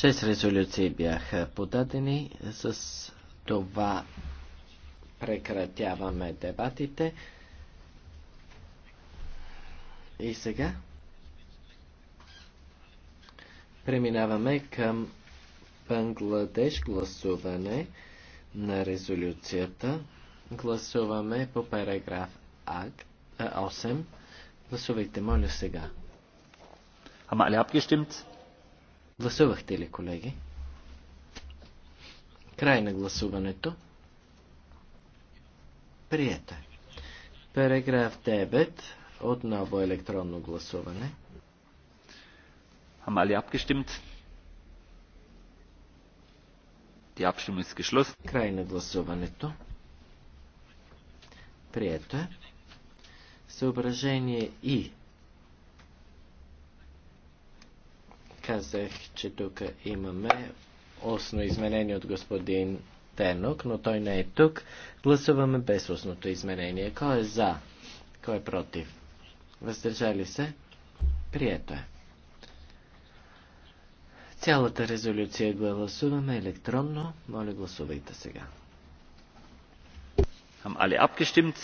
Шест резолюции бяха подадени. С това прекратяваме дебатите. И сега преминаваме към Бангладеш гласуване на резолюцията. Гласуваме по параграф 8. Гласувайте, моля сега. ли апки abgestimmt? Гласувахте ли, колеги? Край на гласуването. Приета. Е. Параграф 9. Отново електронно гласуване. Haben alle abgestimmt? Die Abstimmung ist geschlossen. Край на гласуването. Прието е. Съображение И Казах, че тук имаме осно изменение от господин Тенок, но той не е тук. Гласуваме без осното изменение. Кой е за? Кой е против? Въздържали се? Прието е. Цялата резолюция гласуваме електронно. Моля, гласувайте сега. Haben alle abgestimmt?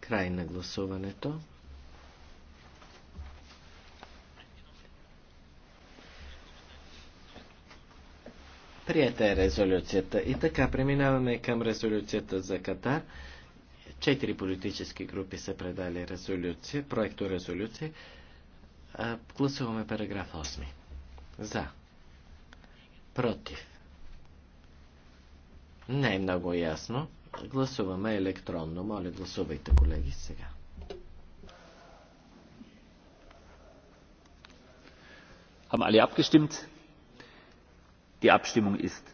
Край на гласуването. Прията е резолюцията. И така, преминаваме към резолюцията за Катар. Четири политически групи са предали резолюция, проекто резолюция. Гласуваме параграф 8. За. Против. Не е много ясно. Гласуваме електронно. Моля, гласувайте, колеги, сега. Амали alle abgestimmt? Die Abstimmung ist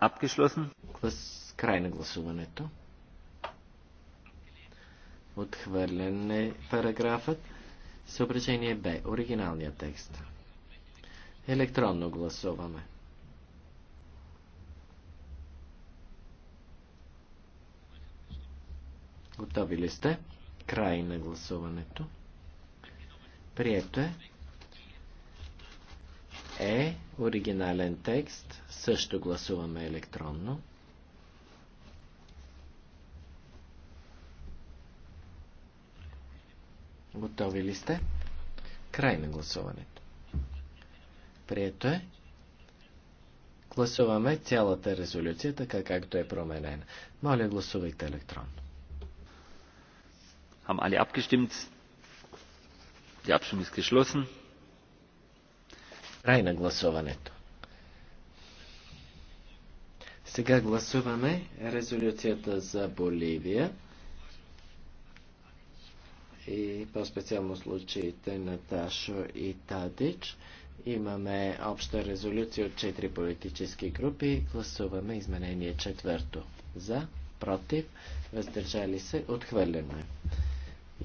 abgeschlossen. Край на гласуването. Отхвърлен е параграфът. Съображение Б. Оригиналният текст. Електронно гласуваме. Готови ли сте? Край на гласуването. Прието е. Е, оригинален текст, също гласуваме електронно. Готови ли сте? Край на гласуването. Прието е. Гласуваме цялата резолюция, така както е променена. Моля, гласувайте електронно. Haben alle abgestimmt? Die Abstimmung ist geschlossen. Край на гласуването. Сега гласуваме резолюцията за Боливия и по-специално случаите на Ташо и Тадич. Имаме обща резолюция от четири политически групи. Гласуваме изменение четвърто. За, против, въздържали се, отхвърляме.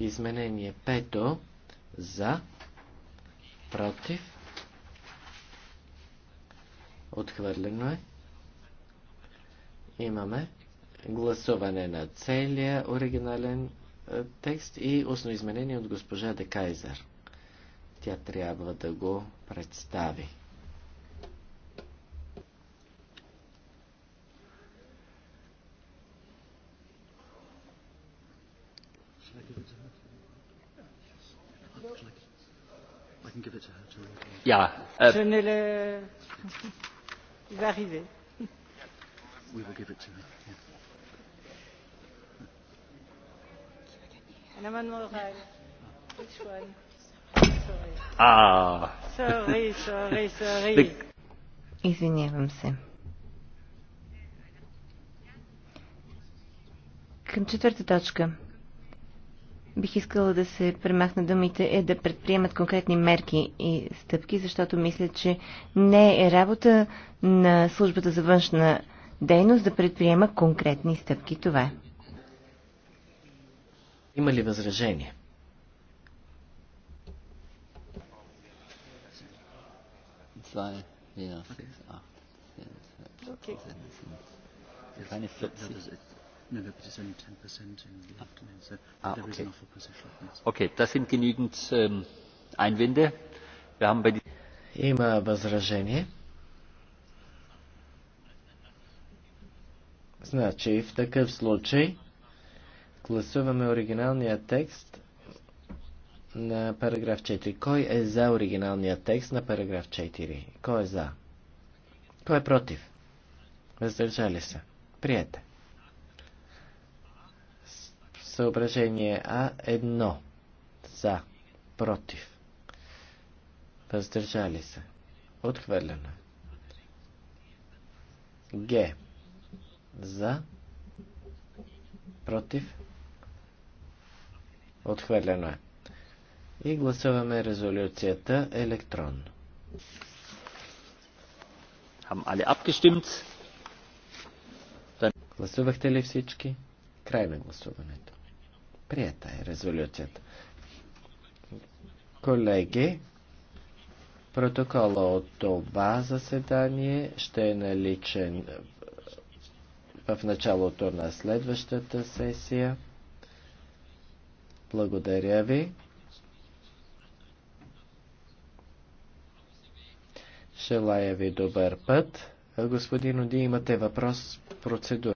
Изменение пето. За, против, Отхвърлено е. Имаме гласуване на целия оригинален е, текст и устно изменение от госпожа Декайзер. Тя трябва да го представи. Ja. Äh, Il va arriver. We will give it to him. Yeah. Un amendement oral. Which one? Sorry. Ah. Sorry, sorry, sorry. Извинявам се. Към четвърта точка. Бих искала да се премахна думите е да предприемат конкретни мерки и стъпки, защото мисля, че не е работа на службата за външна дейност да предприема конкретни стъпки. Това е. Има ли възражение? Okay. No, but it's only 10% in the afternoon, so ah, there okay. is an offer position. Okay, das sind genügend ähm, Einwände. Wir haben bei Има възражение. Значи, в такъв случай гласуваме оригиналния текст на параграф 4. Кой е за оригиналния текст на параграф 4? Кой е за? Кой е против? Въздържали се. Приятели. Съображение А1. За. Против. Въздържали се. Отхвърлено. Г. За. Против. Отхвърлено е. И гласуваме резолюцията електронно. Haben alle abgestimmt? Гласувахте ли всички? Край на гласуването. Прията е резолюцията. Колеги, протокола от това заседание ще е наличен е, в началото на следващата сесия. Благодаря ви. Желая ви добър път. Господин Оди, имате въпрос процедура.